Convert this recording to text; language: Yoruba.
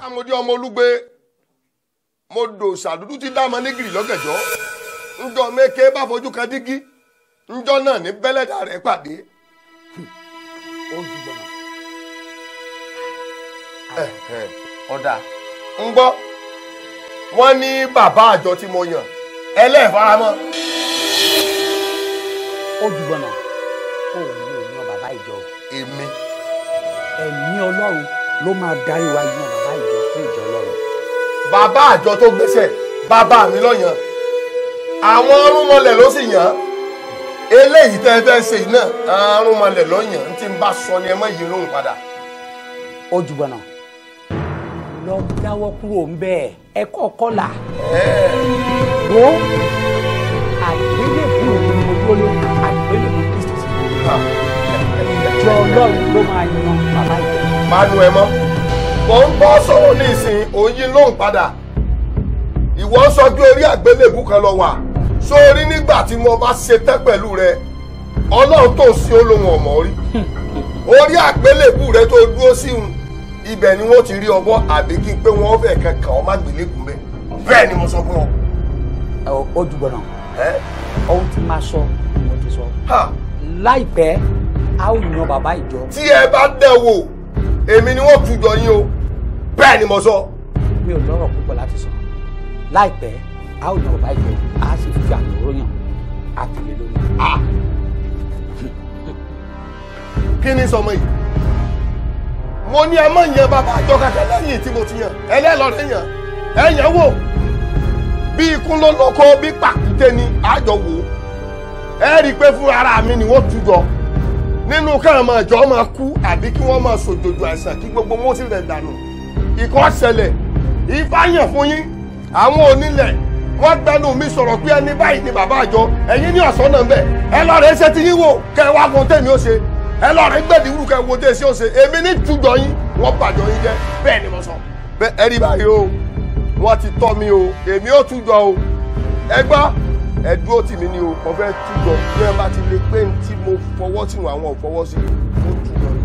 kámọdé ah, ọmọ olúgbe mo dò sàdúdú ti dá ọmọ nígìrì lọ́gẹ̀jọ́ ńjọ mẹ́kẹ́ bá fojú kan dígí ńjọ náà ní bẹ́lẹ́dà rẹ̀ pàdé. ọ̀dà ń gbọ́ wọ́n ní bàbá àjọ tí mo yàn ẹlẹ́ẹ̀faramọ́. ó dùgbọ́n náà kó o ní bàbá ìjọ. èmi. ẹ̀mí ọlọ́run ló máa darí wa yíyan sí ìjọ lọ́rùn bàbá àjọ tó gbéṣẹ̀ bàbá mi lọ́yàn àwọn ọrùnmọlẹ̀ ló sì yàn eléyìí tẹ́ ẹ fẹ́ ṣe yìí náà ọrùnmọlẹ̀ lọ́yàn ń ti bá sọ ni ẹ mọ̀ yìí lóhùn padà. ó jùgbọ́n náà lọ dáwọ́ kúrò ń bẹ́ẹ̀ ẹ kọ́kọ́ là. wo àgbélébù òun àgbélébù kristu sí i. ìjọ ọlọ́run ló máa yan bàbá yìí. máa nu ẹ mọ́ mò ń bọ́ sọ̀rọ̀ ní ìsìn òyìn lóhùn padà ìwọ sọjú orí àgbélébù kan lọ wà sórí nígbà tí mo bá ṣe tán pẹ̀lú rẹ ọlọ́run tó sí olóhùn ọ̀mọ́ rí orí àgbélébù rẹ tó dúró sí ibẹ̀ ni wọ́n ti rí ọbọ̀ àbí kí n pé wọ́n fẹ́ kankan ọmọ àgbélébù rẹ bẹ́ẹ̀ ni mo sọ fún ọ. ó dùgbọ̀ náà ohun tí máa sọ ni mo ti sọ láìpẹ́ a ó yan bàbá ìjọ. tí ẹ bá dẹ̀ wò èmi ni wọ́n tujọ yín o bẹ́ẹ̀ ni mo sọ. mi ò lọ́rọ̀ púpọ̀ láti sọ láìpẹ́ a ó lọ báyìí jẹ a sì fi àmì ròyìn àtìlẹ́ lórí. kí ni sọmọ yìí mo ní ẹmọ yẹn bàbá àjọkàkẹ lẹ́yìn tí mo ti yàn ẹlẹ́lọ́rẹ́ yàn ẹ̀yàn wò bí ikú ló lóko bí pàkúté ni àjọ wò ẹ rí i pé fún ara mi ni wọ́n tu jọ nínú káàmọ̀ ìjọ máa kú àbí kí wọ́n máa ṣòjòjò àìsàn kí gbogbo wọn sì rẹ̀ dànù ìkọ́ ṣẹlẹ̀ ifá yàn fún yín àwọn onílẹ̀ wọ́n gbẹnu mi sọ̀rọ̀ pé ẹni báyìí ni bàbá àjọ ẹ̀yin ní ọ̀sán náà ń bẹ̀ ẹ lọ́ọ́ rẹ̀ ṣe ti yín wò kẹ́ wá fún tèmi ó ṣe ẹ lọ́ọ́ rẹ̀ gbẹ̀dì wù kẹ́ wo dé sí ó ṣe èmi ní jùjọ yín wọ́n bàjọ́ yín jẹ́ bẹ́ẹ̀ ni mo sọ. bẹ́ẹ̀ ẹ rí báyìí o wọ́n ti tọ́ mi o èmi ó tújọ o ẹ gbọ́ ẹ dúró tì mí ni o mo fẹ́ tújọ bí wọ́n bá ti lè pé ní tí mo fọwọ́ sínú àwọn ò mo tújọ ni.